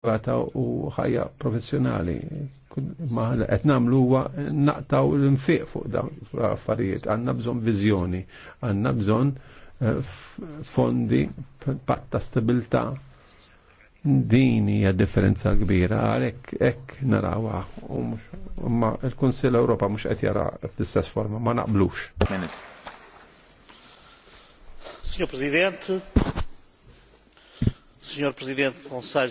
privata u ħajja professjonali. Ma qed nagħmlu huwa naqtaw l-infiq fuq dawn affarijiet, għandna bżonn viżjoni, għandna bżonn eh, fondi patta stabilità. Din hija differenza kbira għalhekk hekk narawha u ma l-Kunsill Ewropa mhux qed jara fl-istess forma, ma naqblux. Signor Presidente, Signor Presidente del Consiglio,